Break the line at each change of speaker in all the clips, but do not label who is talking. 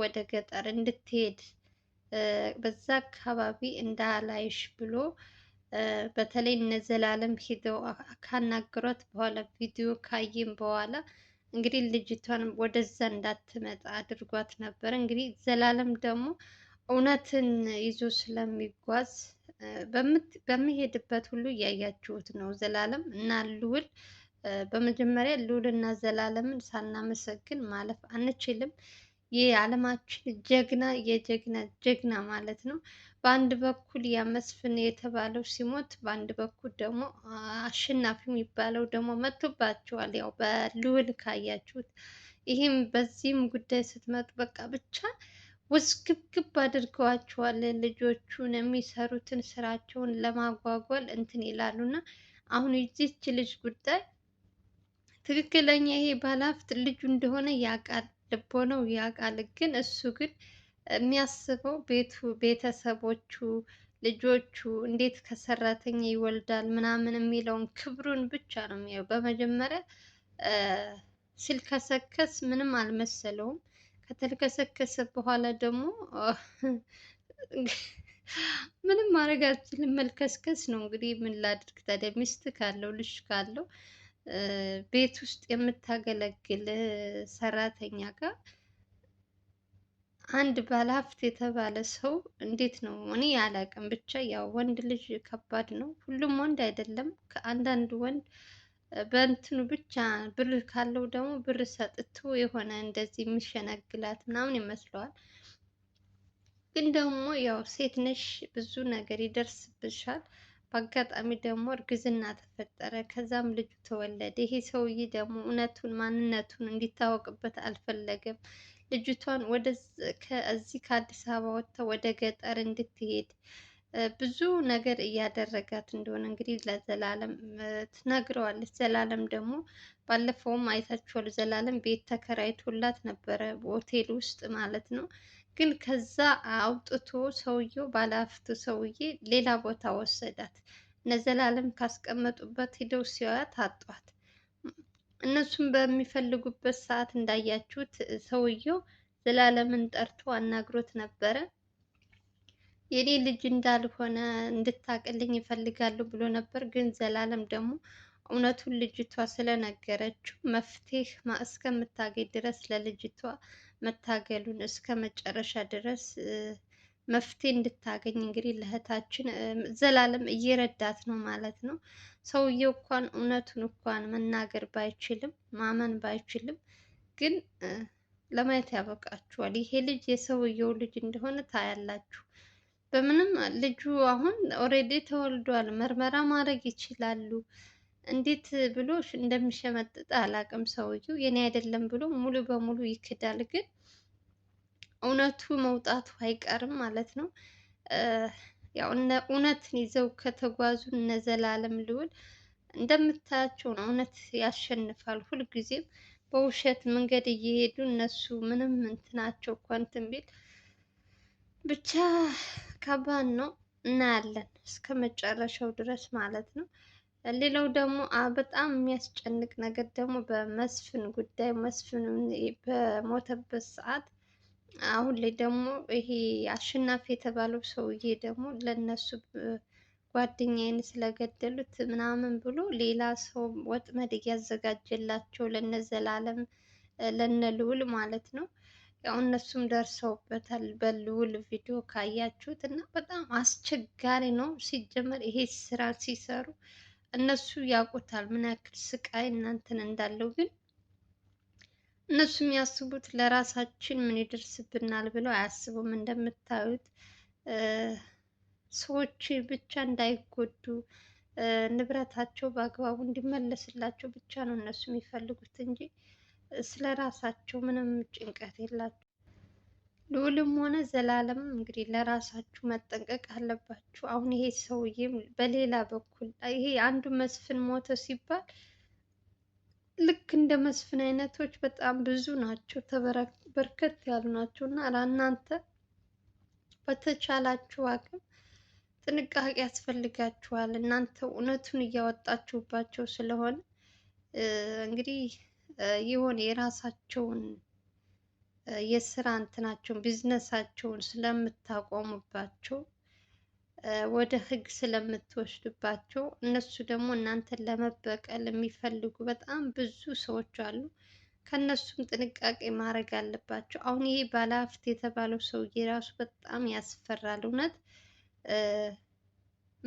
ወደ ገጠር እንድትሄድ በዛ አካባቢ እንዳላይሽ ብሎ በተለይ እነ ዘላለም ሂደው ካናገሯት በኋላ ቪዲዮ ካየም በኋላ እንግዲህ ልጅቷን ወደዛ እንዳትመጣ አድርጓት ነበር። እንግዲህ ዘላለም ደግሞ እውነትን ይዞ ስለሚጓዝ በሚሄድበት ሁሉ እያያችሁት ነው። ዘላለም እና ልውል በመጀመሪያ ልዑል እና ዘላለምን ሳናመሰግን ማለፍ አንችልም። የዓለማችን ጀግና የጀግና ጀግና ማለት ነው። በአንድ በኩል ያመስፍን የተባለው ሲሞት፣ በአንድ በኩል ደግሞ አሸናፊ የሚባለው ደግሞ መጥቶባቸዋል። ያው በልዑል ካያችሁት ይህም በዚህም ጉዳይ ስትመጡ በቃ ብቻ ውዝግብግብ አድርገዋቸዋል። ልጆቹን የሚሰሩትን ስራቸውን ለማጓጓል እንትን ይላሉ እና አሁን ይቺ ልጅ ጉዳይ ትክክለኛ ይሄ ባለሀብት ልጁ እንደሆነ ያውቃል። ልቦ ልቦናው ያውቃል። ግን እሱ ግን የሚያስበው ቤቱ፣ ቤተሰቦቹ፣ ልጆቹ እንዴት ከሰራተኛ ይወልዳል ምናምን የሚለውን ክብሩን ብቻ ነው የሚያየው። በመጀመሪያ ሲልከሰከስ ምንም አልመሰለውም። ከተልከሰከሰ በኋላ ደግሞ ምንም ማድረግ አልችልም፣ መልከስከስ ነው እንግዲህ። ምን ላድርግ ታዲያ ሚስት ካለው ልጅ ካለው ቤት ውስጥ የምታገለግል ሰራተኛ ጋር አንድ ባለሀብት የተባለ ሰው እንዴት ነው? እኔ አላውቅም። ብቻ ያው ወንድ ልጅ ከባድ ነው። ሁሉም ወንድ አይደለም። ከአንዳንድ ወንድ በእንትኑ ብቻ ብር ካለው ደግሞ ብር ሰጥቶ የሆነ እንደዚህ የሚሸነግላት ምናምን ይመስለዋል። ግን ደግሞ ያው ሴት ነሽ፣ ብዙ ነገር ይደርስብሻል በአጋጣሚ ደግሞ እርግዝና ተፈጠረ። ከዛም ልጁ ተወለደ። ይሄ ሰውዬ ደግሞ እውነቱን ማንነቱን እንዲታወቅበት አልፈለገም። ልጅቷን ከዚህ ከአዲስ አበባ ወጥታ ወደ ገጠር እንድትሄድ ብዙ ነገር እያደረጋት እንደሆነ እንግዲህ ለዘላለም ትነግረዋለች። ዘላለም ደግሞ ባለፈውም አይታችኋል። ዘላለም ቤት ተከራይቶላት ነበረ ሆቴል ውስጥ ማለት ነው። ግን ከዛ አውጥቶ ሰውየው ባለሀብቱ ሰውዬ ሌላ ቦታ ወሰዳት። እነ ዘላለም ካስቀመጡበት ሂደው ሲያዩት አጧት። እነሱም በሚፈልጉበት ሰዓት እንዳያችሁት ሰውየው ዘላለምን ጠርቶ አናግሮት ነበረ። የኔ ልጅ እንዳልሆነ እንድታቅልኝ ይፈልጋሉ ብሎ ነበር። ግን ዘላለም ደግሞ እውነቱን ልጅቷ ስለነገረችው መፍትሄ እስከምታገኝ ድረስ ለልጅቷ መታገሉን እስከ መጨረሻ ድረስ መፍትሄ እንድታገኝ እንግዲህ ለእህታችን ዘላለም እየረዳት ነው ማለት ነው። ሰውየው እንኳን እውነቱን እንኳን መናገር ባይችልም ማመን ባይችልም ግን ለማየት ያበቃችኋል። ይሄ ልጅ የሰውየው ልጅ እንደሆነ ታያላችሁ። በምንም ልጁ አሁን ኦልሬዲ ተወልዷል። ምርመራ ማድረግ ይችላሉ። እንዴት ብሎ እንደሚሸመጥጥ አላውቅም። ሰውየው የኔ አይደለም ብሎ ሙሉ በሙሉ ይክዳል፣ ግን እውነቱ መውጣቱ አይቀርም ማለት ነው። ያው እውነትን ይዘው ከተጓዙ እነ ዘላለም ልዑል እንደምታያቸው ነው። እውነት ያሸንፋል። ሁልጊዜም በውሸት መንገድ እየሄዱ እነሱ ምንም እንትናቸው እኮ እንትን ቢል ብቻ ከባድ ነው። እናያለን እስከ መጨረሻው ድረስ ማለት ነው። ሌላው ደግሞ በጣም የሚያስጨንቅ ነገር ደግሞ በመስፍን ጉዳይ መስፍን በሞተበት ሰዓት አሁን ላይ ደግሞ ይሄ አሸናፊ የተባለው ሰውዬ ደግሞ ለነሱ ጓደኛዬን ስለገደሉት ምናምን ብሎ ሌላ ሰው ወጥመድ እያዘጋጀላቸው ለነ ዘላለም ለነ ልዑል ማለት ነው። ያው እነሱም ደርሰውበታል። በልዑል ቪዲዮ ካያችሁት እና በጣም አስቸጋሪ ነው። ሲጀመር ይሄ ስራ ሲሰሩ እነሱ ያውቁታል ምን ያክል ስቃይ እናንተን እንዳለው። ግን እነሱ የሚያስቡት ለራሳችን ምን ይደርስብናል ብለው አያስቡም። እንደምታዩት ሰዎች ብቻ እንዳይጎዱ ንብረታቸው በአግባቡ እንዲመለስላቸው ብቻ ነው እነሱ የሚፈልጉት እንጂ ስለ ራሳቸው ምንም ጭንቀት የላቸው። ልዑልም ሆነ ዘላለም እንግዲህ ለራሳችሁ መጠንቀቅ አለባችሁ። አሁን ይሄ ሰውዬም በሌላ በኩል ይሄ አንዱ መስፍን ሞተ ሲባል ልክ እንደ መስፍን አይነቶች በጣም ብዙ ናቸው፣ በርከት ያሉ ናቸው እና እናንተ በተቻላችሁ አቅም ጥንቃቄ ያስፈልጋችኋል። እናንተ እውነቱን እያወጣችሁባቸው ስለሆነ እንግዲህ የሆነ የራሳቸውን የስራ እንትናቸውን ቢዝነሳቸውን ስለምታቆሙባቸው ወደ ህግ ስለምትወስዱባቸው እነሱ ደግሞ እናንተን ለመበቀል የሚፈልጉ በጣም ብዙ ሰዎች አሉ። ከእነሱም ጥንቃቄ ማድረግ አለባቸው። አሁን ይሄ ባለሀብት የተባለው ሰውዬ ራሱ በጣም ያስፈራል። እውነት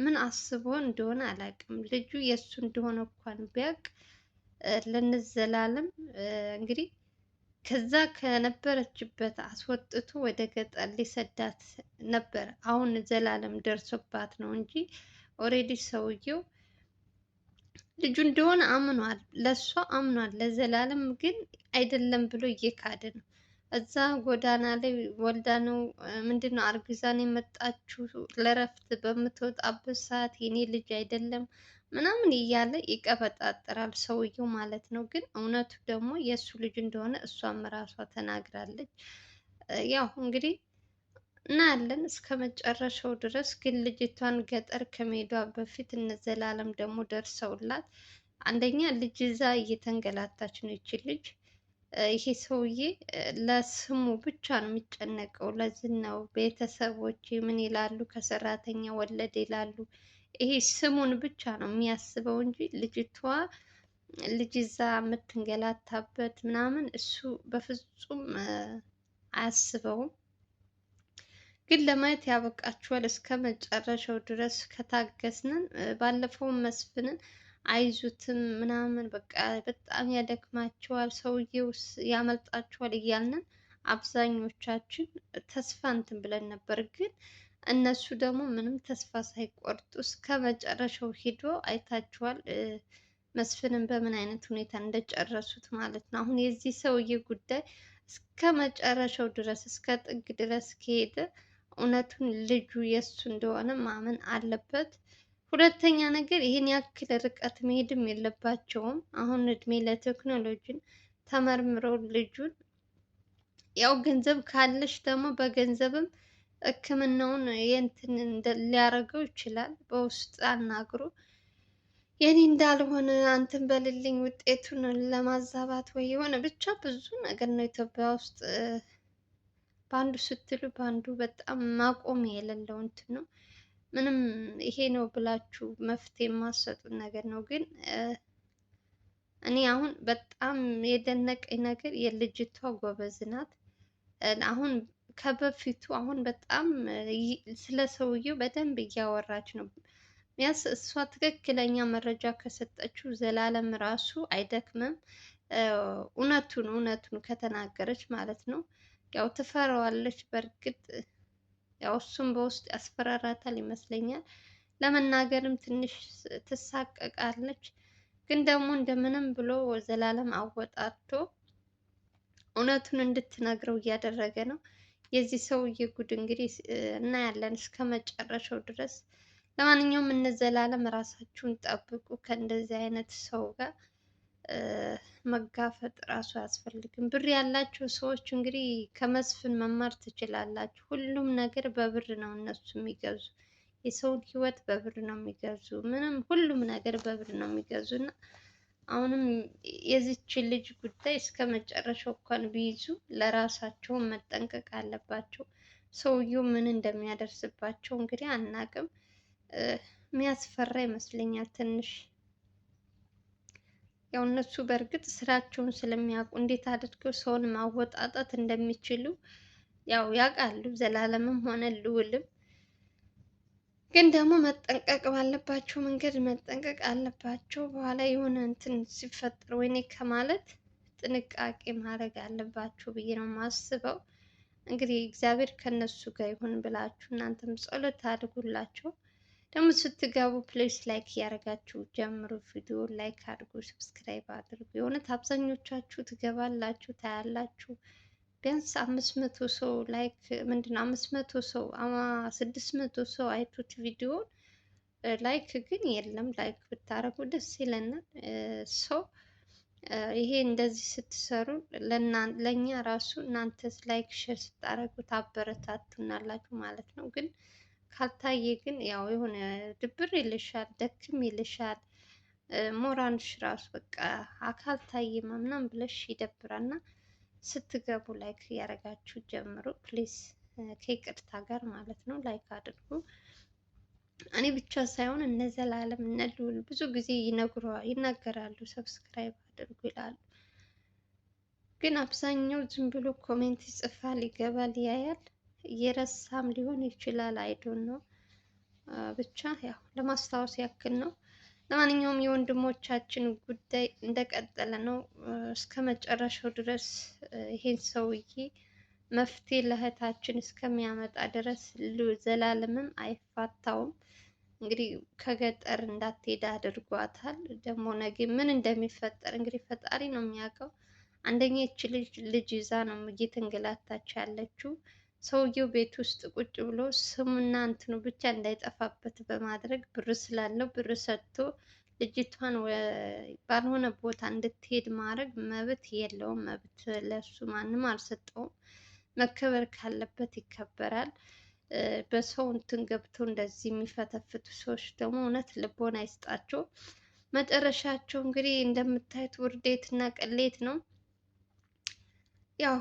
ምን አስቦ እንደሆነ አላውቅም። ልጁ የእሱ እንደሆነ እንኳን ቢያውቅ ለእነ እንግዲህ ከዛ ከነበረችበት አስወጥቶ ወደ ገጠር ሊሰዳት ነበር። አሁን ዘላለም ደርሶባት ነው እንጂ ኦሬዲ ሰውየው ልጁ እንደሆነ አምኗል፣ ለእሷ አምኗል። ለዘላለም ግን አይደለም ብሎ እየካደ ነው። እዛ ጎዳና ላይ ወልዳ ነው ምንድን ነው አርግዛን የመጣችው ለእረፍት በምትወጣበት ሰዓት የኔ ልጅ አይደለም ምናምን እያለ ይቀበጣጠራል ሰውየው ማለት ነው። ግን እውነቱ ደግሞ የእሱ ልጅ እንደሆነ እሷም ራሷ ተናግራለች። ያው እንግዲህ እናያለን እስከ መጨረሻው ድረስ። ግን ልጅቷን ገጠር ከመሄዷ በፊት እነዘላለም ደግሞ ደርሰውላት፣ አንደኛ ልጅ ዛ እየተንገላታች ነው ይቺ ልጅ። ይሄ ሰውዬ ለስሙ ብቻ ነው የሚጨነቀው፣ ለዝናው። ቤተሰቦች ምን ይላሉ፣ ከሰራተኛ ወለድ ይላሉ ይሄ ስሙን ብቻ ነው የሚያስበው እንጂ ልጅቷ ልጅ እዛ የምትንገላታበት ምናምን እሱ በፍጹም አያስበውም። ግን ለማየት ያበቃችኋል። እስከ መጨረሻው ድረስ ከታገስንን ባለፈውን መስፍንን አይዙትም ምናምን በቃ በጣም ያደክማቸዋል፣ ሰውዬው ያመልጣቸዋል እያልንን አብዛኞቻችን ተስፋ እንትን ብለን ነበር ግን እነሱ ደግሞ ምንም ተስፋ ሳይቆርጡ እስከ መጨረሻው ሄዶ አይታችኋል መስፍንን በምን አይነት ሁኔታ እንደጨረሱት ማለት ነው። አሁን የዚህ ሰውዬ ጉዳይ እስከ መጨረሻው ድረስ እስከ ጥግ ድረስ ከሄደ እውነቱን ልጁ የእሱ እንደሆነ ማመን አለበት። ሁለተኛ ነገር ይህን ያክል ርቀት መሄድም የለባቸውም። አሁን እድሜ ለቴክኖሎጂን ተመርምረው ልጁን ያው ገንዘብ ካለሽ ደግሞ በገንዘብም ሕክምናውን የእንትን ሊያደርገው ይችላል። በውስጥ አናግሮ የኔ እንዳልሆነ አንተን በልልኝ ውጤቱን ለማዛባት ወይ የሆነ ብቻ ብዙ ነገር ነው ኢትዮጵያ ውስጥ በአንዱ ስትሉ በአንዱ በጣም ማቆሚያ የሌለው እንትን ነው። ምንም ይሄ ነው ብላችሁ መፍትሄ የማሰጡት ነገር ነው። ግን እኔ አሁን በጣም የደነቀኝ ነገር የልጅቷ ጎበዝ ናት። አሁን ከበፊቱ አሁን በጣም ስለ ሰውየው በደንብ እያወራች ነው። ቢያንስ እሷ ትክክለኛ መረጃ ከሰጠችው ዘላለም ራሱ አይደክምም። እውነቱን እውነቱን ከተናገረች ማለት ነው። ያው ትፈራዋለች። በእርግጥ ያው እሱም በውስጥ ያስፈራራታል ይመስለኛል። ለመናገርም ትንሽ ትሳቀቃለች። ግን ደግሞ እንደምንም ብሎ ዘላለም አወጣቶ እውነቱን እንድትነግረው እያደረገ ነው። የዚህ ሰውዬ ጉድ እንግዲህ እናያለን እስከ መጨረሻው ድረስ። ለማንኛውም እንዘላለም ራሳችሁን ጠብቁ። ከእንደዚህ አይነት ሰው ጋር መጋፈጥ ራሱ አያስፈልግም። ብር ያላቸው ሰዎች እንግዲህ ከመስፍን መማር ትችላላችሁ። ሁሉም ነገር በብር ነው እነሱ የሚገዙ የሰውን ህይወት በብር ነው የሚገዙ። ምንም ሁሉም ነገር በብር ነው የሚገዙ እና አሁንም የዚች ልጅ ጉዳይ እስከ መጨረሻው እንኳን ቢይዙ ለራሳቸው መጠንቀቅ አለባቸው። ሰውየው ምን እንደሚያደርስባቸው እንግዲህ አናቅም። የሚያስፈራ ይመስለኛል ትንሽ ያው እነሱ በእርግጥ ስራቸውን ስለሚያውቁ እንዴት አድርገው ሰውን ማወጣጣት እንደሚችሉ ያው ያውቃሉ። ዘላለምም ሆነ ልዑልም ግን ደግሞ መጠንቀቅ ባለባቸው መንገድ መጠንቀቅ አለባቸው። በኋላ የሆነ እንትን ሲፈጠር ወይኔ ከማለት ጥንቃቄ ማድረግ አለባቸው ብዬ ነው የማስበው። እንግዲህ እግዚአብሔር ከነሱ ጋር ይሁን ብላችሁ እናንተም ጸሎት አድርጉላቸው። ደግሞ ስትገቡ ፕሌስ ላይክ እያደረጋችሁ ጀምሩ። ቪዲዮ ላይክ አድርጉ፣ ሰብስክራይብ አድርጉ። የእውነት አብዛኞቻችሁ ትገባላችሁ፣ ታያላችሁ ቢያንስ አምስት መቶ ሰው ላይክ ምንድን ነው አምስት መቶ ሰው ስድስት መቶ ሰው አይቶት ቪዲዮን ላይክ ግን የለም። ላይክ ብታረጉ ደስ ይለናል። ሰው ይሄ እንደዚህ ስትሰሩ ለእኛ ራሱ እናንተ ላይክ ሼር ስታረጉ አበረታቱናላችሁ ማለት ነው። ግን ካልታየ ግን ያው የሆነ ድብር ይልሻል፣ ደክም ይልሻል። ሞራንሽ ራሱ በቃ አካል ታየማ ምናምን ብለሽ ይደብራልና ስትገቡ ላይክ እያደረጋችሁ ጀምሩ ፕሊስ፣ ከይቅርታ ጋር ማለት ነው። ላይክ አድርጉ። እኔ ብቻ ሳይሆን እነ ዘላለም እነ ልዑል ብዙ ጊዜ ይናገራሉ፣ ሰብስክራይብ አድርጉ ይላሉ። ግን አብዛኛው ዝም ብሎ ኮሜንት ይጽፋል፣ ይገባል፣ ያያል። እየረሳም ሊሆን ይችላል። አይዶን ነው ብቻ ያው ለማስታወስ ያክል ነው። ለማንኛውም የወንድሞቻችን ጉዳይ እንደቀጠለ ነው። እስከ መጨረሻው ድረስ ይሄን ሰውዬ መፍትሄ ለእህታችን እስከሚያመጣ ድረስ ዘላለምም አይፋታውም። እንግዲህ ከገጠር እንዳትሄድ አድርጓታል። ደግሞ ነገ ምን እንደሚፈጠር እንግዲህ ፈጣሪ ነው የሚያውቀው። አንደኛ ይቺ ልጅ ልጅ ይዛ ነው እየተንገላታች ያለችው። ሰውየው ቤት ውስጥ ቁጭ ብሎ ስሙና እንትኑ ብቻ እንዳይጠፋበት በማድረግ ብር ስላለው ብር ሰጥቶ ልጅቷን ባልሆነ ቦታ እንድትሄድ ማድረግ መብት የለውም። መብት ለሱ ማንም አልሰጠውም። መከበር ካለበት ይከበራል። በሰው እንትን ገብቶ እንደዚህ የሚፈተፍቱ ሰዎች ደግሞ እውነት ልቦን አይስጣቸው። መጨረሻቸው እንግዲህ እንደምታዩት ውርዴት እና ቅሌት ነው። ያው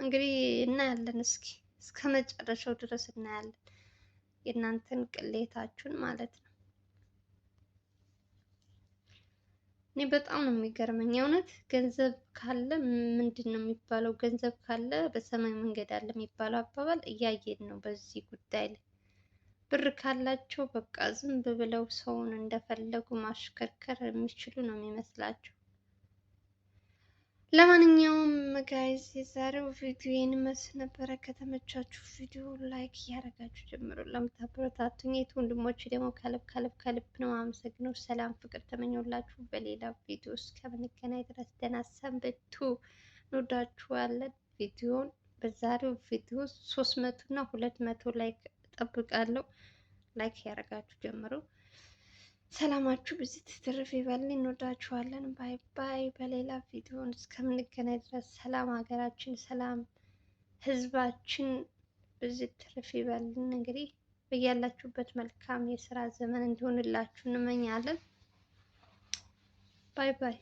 እንግዲህ እናያለን እስኪ እስከ መጨረሻው ድረስ እናያለን። የእናንተን ቅሌታችሁን ማለት ነው። እኔ በጣም ነው የሚገርመኝ እውነት። ገንዘብ ካለ ምንድን ነው የሚባለው? ገንዘብ ካለ በሰማይ መንገድ አለ የሚባለው አባባል እያየን ነው በዚህ ጉዳይ ላይ። ብር ካላቸው በቃ ዝም ብለው ሰውን እንደፈለጉ ማሽከርከር የሚችሉ ነው የሚመስላቸው። ለማንኛውም ጋይዝ የዛሬው ቪዲዮ ይህን መስል ነበረ። ከተመቻችሁ ቪዲዮ ላይክ እያደረጋችሁ ጀምሮ ለምታበረታቱኝ የት ወንድሞች ደግሞ ከልብ ከልብ ከልብ ነው አመሰግነው። ሰላም ፍቅር ተመኘላችሁ በሌላ ቪዲዮ እስከምንገናኝ ድረስ ደህና ሰንብቱ። እንወዳችኋለን። ቪዲዮን በዛሬው ቪዲዮ ሶስት መቶ እና ሁለት መቶ ላይክ እጠብቃለሁ። ላይክ እያደረጋችሁ ጀምሮ ሰላማችሁ ብዙ ትትርፍ ይበልን። እንወዳችኋለን። ባይ ባይ። በሌላ ቪዲዮ እስከምንገናኝ ድረስ ሰላም ሀገራችን፣ ሰላም ህዝባችን ብዙ ትርፍ ይበልን። እንግዲህ በያላችሁበት መልካም የስራ ዘመን እንዲሆንላችሁ እንመኛለን። ባይ ባይ።